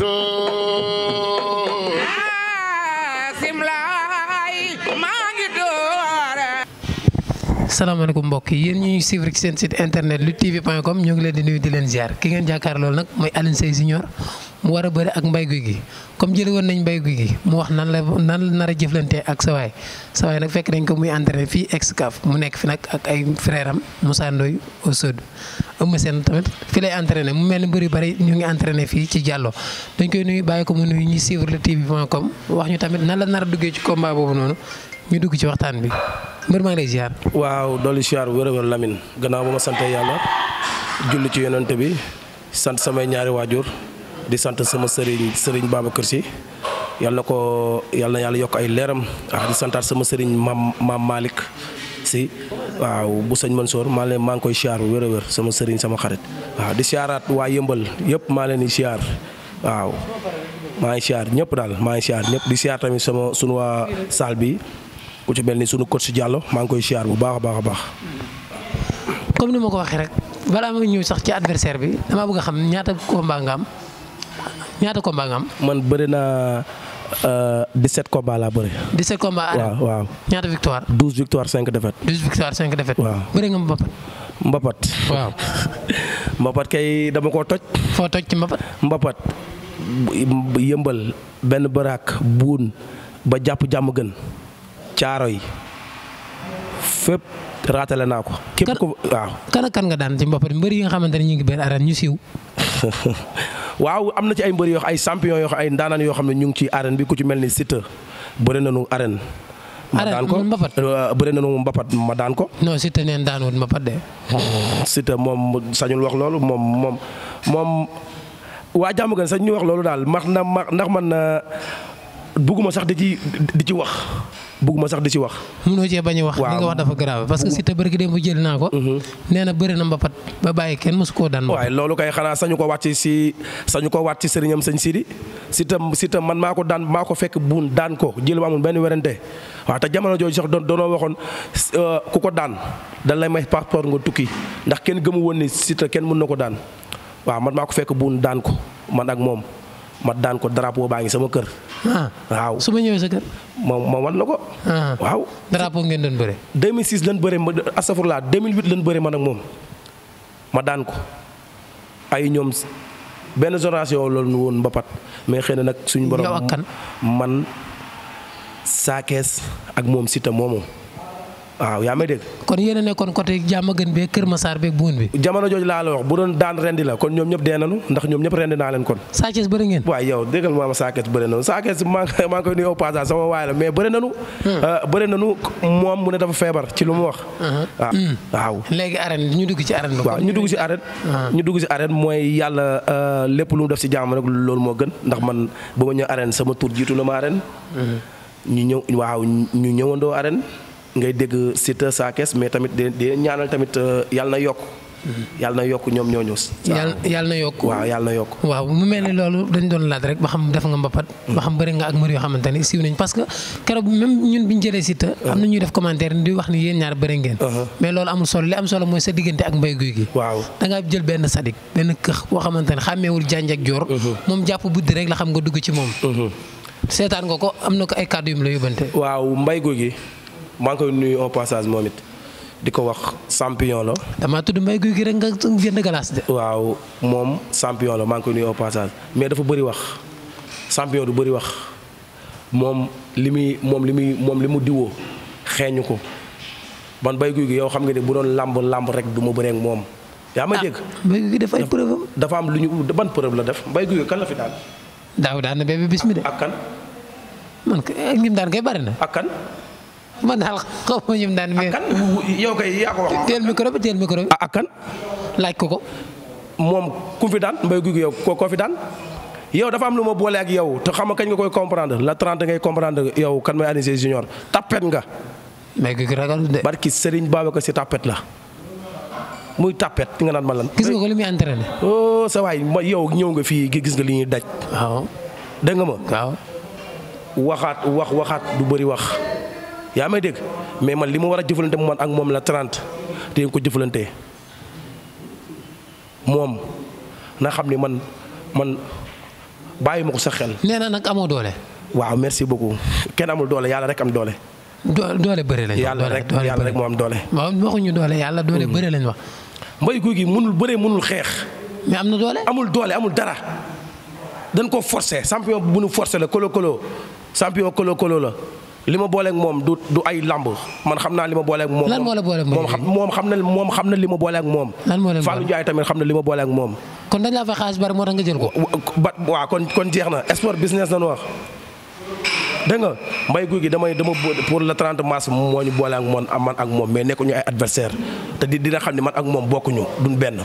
Ah, door salaamaaleykum mbokk yi yéen ñuy suivre ci seen site internet luttetv.com ñu ngi leen di nuyu di leen ziar ki ngeen jàkkaar loolu nag mooy Alioune Seye mu war a bëri ak Mbaye Gouy Gui comme jëlee woon nañ Mbaye Gouy Gui mu wax nan la nan la a jëflante ak sawaay waay nag fekk dañ ko muy entraîné fii ex-CAF mu nekk fi nag ak ay frère am Moussa Eumeu seen tamit fi lay entraîné mu mel ni mbir yu bëri ñu ngi entraîné fii ci Diallo dañ koy nuyu bàyyi ko mu nuyu ñuy suivre luttetv.com wax ñu tamit nan la nar duggee ci combat boobu noonu ñu dugg ci waxtaan bi mbir maa ngi lay ziar. waaw dolli ziar wërëwër Lamine gannaaw ba ma sant yàlla julli ci yonent bi sant samay ñaari waajur di sant sama sëriñ sëriñ Babacar si yàlla ko yàlla yàlla yokk ay leeram ah di santaat sama sëriñ maam maam Malick si waaw bu sëñ Mansoor maa leen maa ngi koy siyaar bu wér a wér sama sëriñ sama xarit waaw di siyaaraat waa yëmbal yëpp maa leen di siyaar waaw maa ngi siyaar ñëpp daal maa ngi siyaar ñëpp di siyaar tamit sama sunu waa saal bi ku ci mel ni sunu coach Diallo maa ngi koy siyaar bu baax a baax a baax. comme ni ma ko waxee rek balaa ma ñëw sax ci adversaire bi damaa bëgg a xam ñaata combat am ñaata combat nga am. man bëri 17 euh, combats laa bëri. 17 combats waaw waaw. ñaata victoire. 12 victoire 5 défaites. 12 victoire 5 défaites. waaw nga Mbapat. Mbapat. kay dama koo toj. foo toj ci Mbapat. Mbapat yëmbal benn baraak buun ba jàpp jàmm gën caaro yi fépp raatale naa ko. képp ko waaw. nga daan ci Mbapat mbër yi nga xamante ne ñu ngi benn arène ñu siiw. waaw am na ci ay mbër yoo ay champion yoo ay ndaanaan yoo xam ne ñu ngi ci arène bi ku ci mel ni Siteu bëri nañu arène. ma daan ko mbapat euh, bëri nañu mbapat ma daan ko. non Siteu neen daanul mbapat de. Siteu moom sañul wax loolu moom moom moom waa jàmm gan sax ñu wax loolu daal max na ma ndax man euh, bugguma sax di ci di ci wax. bugguma sax di ci wax. munoo cee bañ a wax. li wax dafa grave parce que si te bërgi démb jël naa ko. Mhm. nee na bëri na mbapat ba bàyyi kenn mosu koo daan. waaye loolu kay xanaa sañu ko wàcc si sañu ko wàcc sëriñam sëñ Sidi si tam si tam man maa ko daan maa ko fekk buun daan ko jël ba amul benn werante waaw te jamono jooju doon doonoo waxoon euh, ku ko daan dañ lay may passeport nga tukki ndax kenn gëmu woon ni si kenn mën na ko daan waaw man maa ko fekk buun daan ko man ak moom. ma daan ko drapeau baa ngi sama kër. Ah. waaw su ma ñëwee sa kër. ma ma wan la ko. Ah. waaw drapeau ngeen doon bëre. 2006 lan bëre ma astafurlaa 2008 lan bëre man ak moom ma daan ko ay ñoom benn génération loolu woon mbapat mais xëy na nag suñu borom. man saakees ak moom sita moomu. waaw ah, yaa may dégg. kon yéen a nekkoon côté Diamaguène beeg Kër Massar beeg Boune bi. jamono jooju laa la bu doon daan rendi la kon ñoom ñëpp dee nañu ndax ñoom ñëpp rendi naa leen kon. Sa Thiès bëri ngeen. maa la mais bëri nañu. Hmm. Ah, bëri moom mu ne feebar ci lu mu wax. waaw uh-huh. ah, hmm. waaw. léegi arène ñu dugg ci arène ba. waaw ñu dugg ci arène. Uh-huh. dugg ci mooy yàlla euh, lépp lu mu def ci jàmm rek loolu moo gën ndax man ba ma ñëw arène sama tur jiitu na ma arène uh-huh. ñu ñëwandoo arène ngay dégg Siteu Sa Thiès mais tamit di ñaanal tamit euh, yàlla na yokk. yàlla na yokk ñoom ñoo ñëw. yàlla na yokk waaw yàlla na yokk. mu mel ni loolu dañ doon laaj rek ba xam def nga mbapat. Hmm. ba xam bëri nga ak mbër yoo xamante que keroog même ñun hmm. di wax ni yéen ñaar bëri ngeen. Hmm. mais loolu amul solo li am solo mooy sa diggante ak mbay guy gi. waaw da ngaa jël benn sadik benn këx boo xamante ne xàmmeewul janj ak joor. moom jàpp buddi rek la xam nga dugg ci moom. seetaan nga ko am na ko ay kàddu yu la yóbbante. waaw mbay guy gi maa ngi koy nuyu au moom it di ko wax champion la. damaa tudd mbay guy gi rek nga jënd galaas de. waaw moom champion la maa ngi koy nuyu au mais dafa bëri wax champion lu bari wax moom li muy moom li muy moom li mu diwoo xeeñu ko man mbay guy gi yow xam nga de bu doon làmb làmb rek du ma bëree ak moom. yaa ma ah, dégg mbay guy gi def ay dafa am lu ñu ban preuve la def mbay guy gi kan la daal. daaw daan na bébé bis mi de. ak kan. man ak ñim daan kay bari na. ak man daal xaw ma ñum daan. ak kan yow kay yaa ko wax. teel micro laaj ko ko. moom ku fi daan mbay gu yow koo fi daan. yow dafa am lu ma boole ak yow te xam a kañ nga koy comprendre la 30 ngay comprendre yow kan mooy Alioune junior tapet nga. mais gi ragal de. barki Serigne Babacar si tapet la. muy nga naan ma lan. gis nga ko li muy entraîné. oh sa waay ma yow ñëw nga fii gis nga li ñuy daj. waaw. dégg nga ma. waaw. waxaat wax waxaat du bëri wax. yaa may dégg mais man li ma war a jëflante mu man ak moom la 30 te ko jëflante moom na xam ni man man bàyyi ma ko sa xel. nee nag amoo doole. waaw merci beaucoup kenn amul doole yàlla rek am doole. doole bëre lañ. yàlla rek yàlla rek moo am doole. waaw doole yàlla doole mm. bëre lañ wax. mbay guy gi mënul bëree mënul xeex. mais am na doole. amul doole amul dara. dañ koo forcer champion bu nu la kolo kolo champion kolo kolo la. li ma booleeg moom du du ay lamb man xam naa li ma booleeg moom. lan moo la booleeg moom moom xam na moom xam na li ma booleeg moom. lan moo leen tamit xam na li ma booleeg moom. kon dañ laa fa xaalis bari moo tax nga jël ko. ba waaw kon kon jeex na sport business nañu wax. dégg nga mbay guy gi damay dama pour le 30 mars moo ñu boole ak moom man ak moom mais nekkuñu ay adversaire te di dina xam ne man ak moom bokkuñu du benn.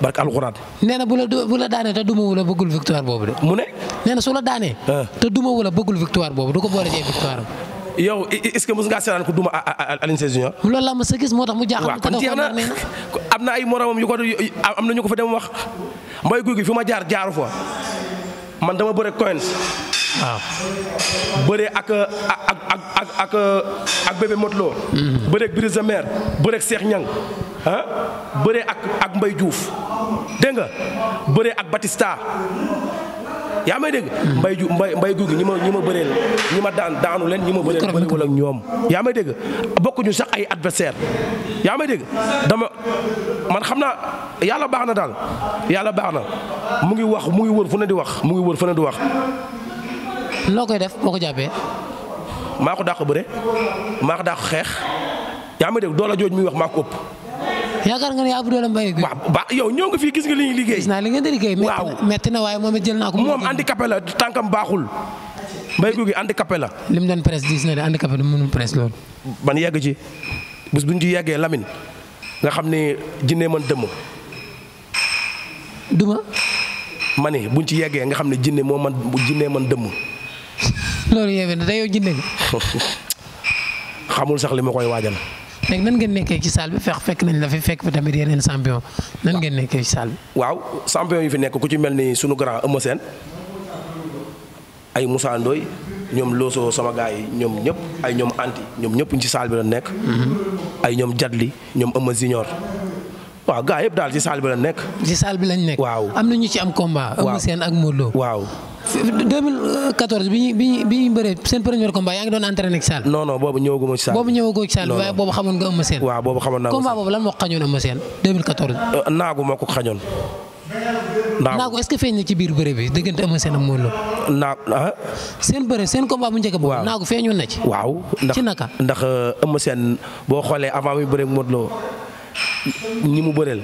barke alxuraan. nee na bu la bu la daanee te duma wu la bëggul victoire boobu de. mu ne. nee na su la daanee. Ah. te duma wu la bëggul victoire boobu du ko jee victoire am. yow est ngaa seetaan ko duma Alioune Sèye Junior. loolu laa a moo tax mu jaaxal. te dafa war am na ay moromam yu ko am na ñu ko fa dem wax mbay guy gi fi ma jaar jaaru fa man dama bëre coins waaw bëree ak ak ak ak ak bébé Motlo. Mm-hmm. bëree ak Brise de Mer bëree ak Cheikh Niang ah bëree ak ak Mbaye dégg nga bëree ak Batista. yaa may dégg mbay ju mbay mbay guy gi ñi ma ñi ma bëreel ñi ma daan daanu leen ñi ma bëreel bëri ñoom yaa may dégg bokkuñu sax ay adversaire yaa may dégg dama man xam naa yàlla baax na daal yàlla baax na mu ngi wax mu ngi wër fu ne di wax mu ngi wër fu ne di wax loo koy def boo ko jàppee. maako ko dàq bëre maa ko xeex yaa ma dégg doole jooj mi wax maa ko ëpp. yaakaar nga ne yaa bu doole mbay bi. waaw yow ñëw nga fii gis nga li liggéey. gis naa li ngeen di liggéey. waaw metti na waaye moom it jël naa ko. moom handicapé la tànkam baaxul. mbay gu gi handicapé la. li mu doon presse diis na de handicapé du mënul presse loolu. ban yegg ci bés bu ci yeggee Lamine nga xam ne jinne man dëmm. duma. ma ne bu ci yeggee nga xam ne jinne moom man bu jinne man dëmm. loolu yéeme na te yow jinne nga. xamul sax li ma koy waajal. léegi nan ngeen nekkee ci salle bi fex fekk nañ la fi tamit yeneen champion nan ngeen nekkee ci waaw champion yi fi nekk ku ci mel ni sunu grand Eumeu Sène ay ñoom Loso sama yi ñoom ñëpp ay ñoom ci salle bi la nekk. Mhm. ay ñoom Jadli ñoom Eumeu Junior waaw gars yëpp daal ci salle bi la nekk. ci salle bi lañ nekk. waaw am na ñu ci am combat. waaw Eumeu Sène ak Modou waaw. 2014 bi ñu bi ñu bi bëree seen premier combat yaa ngi doon entraîné ak Sall. non non boobu ñëwaguma ci Sall. boobu ñëwagoo ci Sall waaye boobu xamoon nga Eumeu Sène. waaw euh, naagu moo ko xañoon. naagu est-ce que feeñ na ci biir bëre bi diggante Eumeu Sène ak Modou Lô. naag ah? seen bëre seen combat bu njëkk. waaw naagu feeñoon na ci. waaw ndax ci naka. ndax euh, Eumeu Sène boo xoolee avant muy bëre ak Modou Lô ñi mu bëreel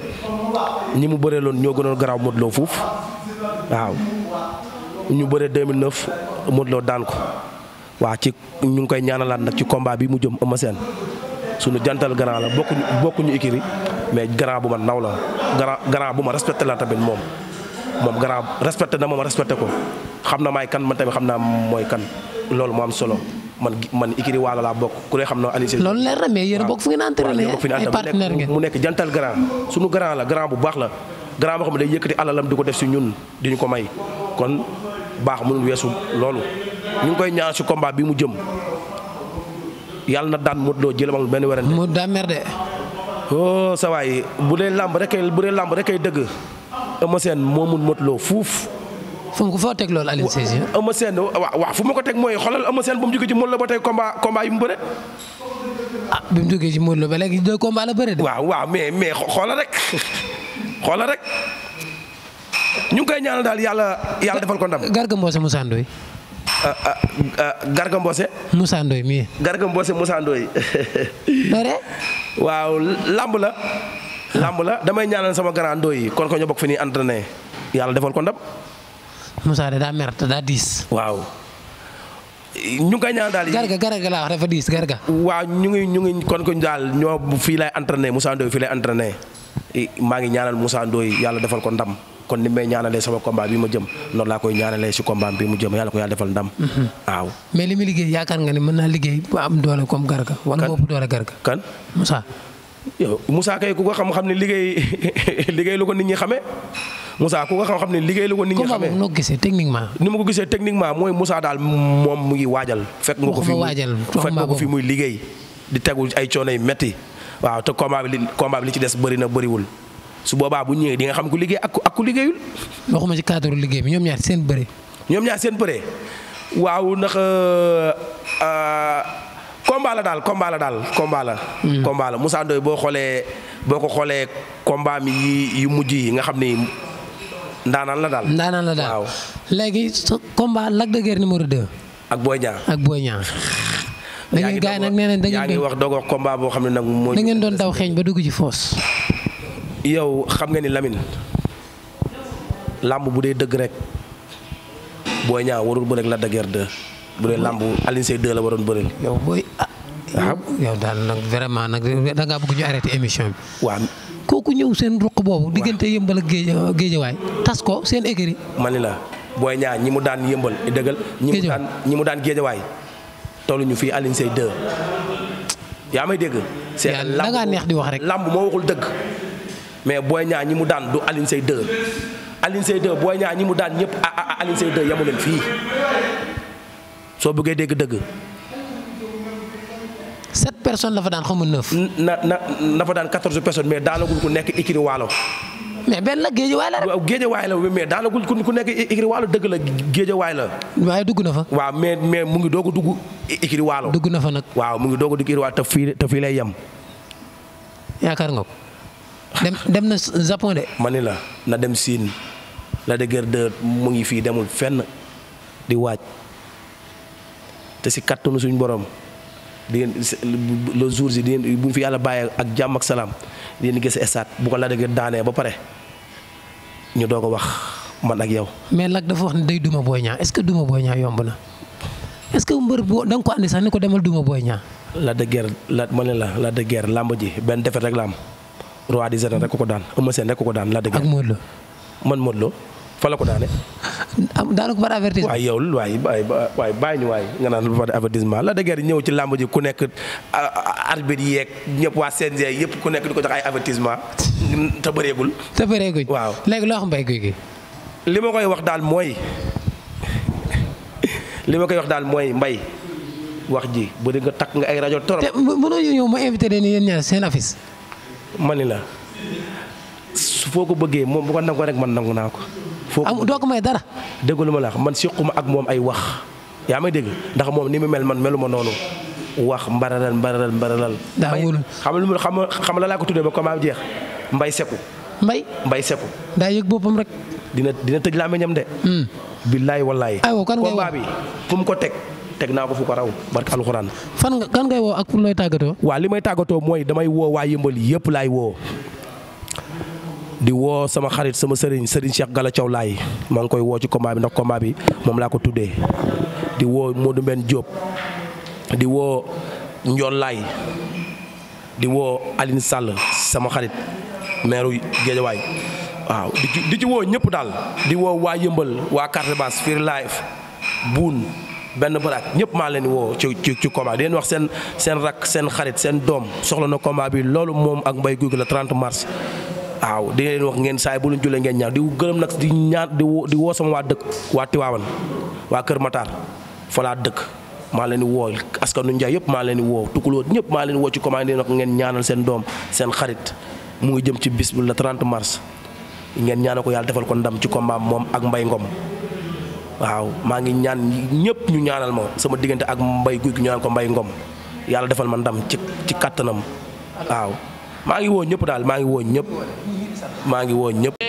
ñi mu bëreeloon ñoo gënoon garaaw Modou Lô fuuf waaw ñu bëre 2009 Modou Lo daan ko waa ci ñu ngi koy ñaanalaat nag ci combat bi mu jëm Eumeu Sène suñu jantal grand la bokkuñu bokkuñu ikiri mais grand bu ma naw la grand grand bu ma respecté la tamit moom moom grand respecté na moom respecté ko xam na maay kan man tamit xam naa mooy kan loolu moo am solo man man ikiri waalo laa bokk ku ne xam na Aliou loolu leer na mais yéen bokk fu ngeen entraîné ay mu nekk jantal grand suñu grand la grand bu baax la grand boo xam ne day yëkkati alalam di ko def si ñun di ko may baax mënul weesu loolu ñu ngi koy ñaan ci combat bi mu jëm yàlla na daan Modou Lo jëlam amul benn werante. mu daan mer de. oh sa waay bu dee làmb rek bu dee làmb rek kay dëgg Eumeu Sène moomul Modou Lo fuuf. fu ko foo teg loolu Alioune Sèye. Eumeu Sène waaw fu ma ko teg mooy xoolal Eumeu Sène ba mu jógee ci Modou Lo ba tey combat combat yi mu bëre. ah bi mu jógee ci Modou ba léegi deux combat la bëre de. waaw waaw mais mais xoolal rek xoolal rek. ñu ngi koy ñaanal daal yàlla yàlla defal ko ndam. Garga Mbossé musaa Ndoye. Garga Mbossé. Moussa Ndoye mii. Ah, ah, ah, garga Mbossé Moussa Ndoye. waaw làmb la. làmb la damay ñaanal sama grand Ndoye kon ko ñu bokk fi ñuy entraîné yàlla defal ko ndam. Moussa de daa mer daa diis. waaw. daal garga garga laa wax dafa ñu ngi ñu ngi kon ko daal ñoo fii lay entraîné musaa Ndoye fii maa ngi ñaanal Moussa Ndoye yàlla defal ko ndam. kon ni may ñaanalee sama combat bi ma jëm noonu laa koy ñaanalee si combat bi mu jëm yàlla ko yàlla defal ndam. Mhm. waaw mais li muy liggéey yaakaar nga ni mën naa liggéey ba am doole comme Garga. wala bopp doole Garga. kan Moussa. yow ko xam-xam ne liggéey liggéey lu ko nit ñi xamee ma ko gisee techniquement di tegu ay coono yu metti waaw te combat li combat bi li ci des bëri na su boobaa bu ñëwee di nga xam ku liggéey ak ak ku liggéeyul. waxuma ci cadre liggéey bi ñoom ñaar seen bëre. ñoom ñaar seen bëre waaw ndax euh, euh, combat la daal combat la daal combat la. Hmm. combat la boo xoolee boo ko xoolee combat mi yi yu mujj yi nga xam ni ndaanaan la daal. ndaanaan la daal waaw. léegi sa combat Lac de ak Boy Niang ak Boy Niang. yaa ngi nee da ngeen. yaa wax doog wax boo xam ne nag. moo da ngeen doon daw xeeñ ba dugg ci foos. yow xam nga ni Lamine làmb bu dee dëgg rek Boy Niang warul bëre ak la de Guiers bu dee làmb Alioune Seye 2 la waroon bëreel. yow booy ah. waaw ah. daal nag vraiment nag da ngaa bëgg ñu arrêté émission bi. waa kooku ñëw seen ruq boobu. diggante yëmbal ak géej géejawaay tas ko seen écurie. mani la Boy Niang ñi mu daan yëmbal dëggal. ñi mu daan ñi mu daan géejawaay tolluñu fii Alioune Seye 2 yaa may dégg. c'est que làmb neex di wax rek. làmb moo waxul dëgg. mais booy Niang ñi mu daan du Alioune Seye 2 Alioune Seye 2 Boy Niang ñi mu daan ñëpp a ah, ah, ah, Alioune Seye 2 yamu fii soo bëggee dégg dëgg. sept personnes la fa daan xaw ma neuf. na na na fa daan quatorze personnes mais daanagul ku nekk Ikiri Waalo. mais benn la géejewaay la rek. waaw géejewaay la mais daanagul ku nekk Ikiri Waalo dëgg la waay la. waaye dugg na fa. waaw mais mais mu ngi doog a dugg Ikiri Waalo. dugg na fa nag. waaw mu ngi doo ko dugg Ikiri Waalo te fii fii lay yem. yaakaar nga ko. dem dem na Japon de. ma ni la na dem Siin la de guerre de mu ngi fii demul fenn di waaj te si kattanu suñu borom di le jour yi di ngeen bu fi yàlla bàyyee ak jàmm ak salaam di ngeen gis estaat bu ko la de guerre daanee ba pare ñu doog a wax man ak yow. mais nag dafa wax ne day duma Boy Niang est-ce que duma Boy Niang yomb na est-ce que mbër boo da nga ko andi sax ni ko demal duma Boy Niang. la de guerre la ma ne la la de guerre làmb benn defet rek am. roi des arènes rek ko daan ama Sène rek ko daan la dëgg. ak Modou Lo man Modou Lo fa la ko daane. am daanaka par avertissement. waaye yow waaye waaye bàyyi ñu waaye nga naan par avertissement la deger ñëw ci làmb ji ku nekk arbitre yeeg ñëpp waa CNG yëpp ku nekk di ko jox ay avertissement te bëreegul. te bëreegul léegi loo xam mbay guy gi. li ma koy wax daal mooy li ma koy wax daal mooy mbay wax ji bu dee nga takk nga ay rajo torop. te mënoo ñëw ma invité leen yéen ñaar seen affiche. ma ni la su foo ko bëggee moom bu ko nangoo rek man nangu naa ko. foo ko doo ko may dara. déggu lu la wax man sequma ak moom ay wax yaa may dégg ndax moom ni mu mel man meluma noonu. wax mbaralal mbaralal mbaralal. daa wóorul xam lu xam xam la laa ko tuddee ba comment jeex mbay seku. mbay mbay seku. daa yëg boppam rek. dina dina tëj laa meñam de. Hmm. billaay wallaay. aywa ko teg. teg naa ko fu ko barke alxuraan. fan nga kan ngay woo ak pour looy tàggatoo. waaw li may tàggatoo mooy damay woo waa yëmbal yëpp laay woo di woo sama xarit sama sëriñ sëriñ Cheikh Gala Thiaw laay maa ngi koy woo ci bi ndax combat moom laa ko tuddee di woo Modou Mbène Diop di woo Ndiol Laay di woo Aline Sall sama xarit maire Guédiawaye waaw di ci woo ñëpp daal di woo waa yëmbal waa carte basse fir buun benn baraak ñëpp maa leen woo ci ci ci combat di leen wax seen seen rak seen xarit seen doom soxla na combat bi loolu moom ak mbay Gouye Gui la 30 mars. waaw di leen wax ngeen saay bu leen jullee ngeen ñaan di gërëm nag di ñaan di woo woo sama waa dëkk waa Tiwaawan waa Kër Matar fa dëkk maa leen di woo askanu Njaay yëpp maa leen di woo tukuloo ñëpp maa leen woo ci combat di leen ngeen ñaanal seen seen xarit mu ngi jëm ci bis bu la 30 ngeen ñaanal ko yàlla defal ko ndam ci combat moom ak Mbaye Ngom. waaw maa ngi ñaan ñëpp ñu ñaanal ma sama diggante ak mbay guy ko mbay ngom yàlla defal ma ndam ci ci kattanam waaw maa ngi woo ñëpp daal maa ngi woo ñëpp maa ngi woo ñëpp.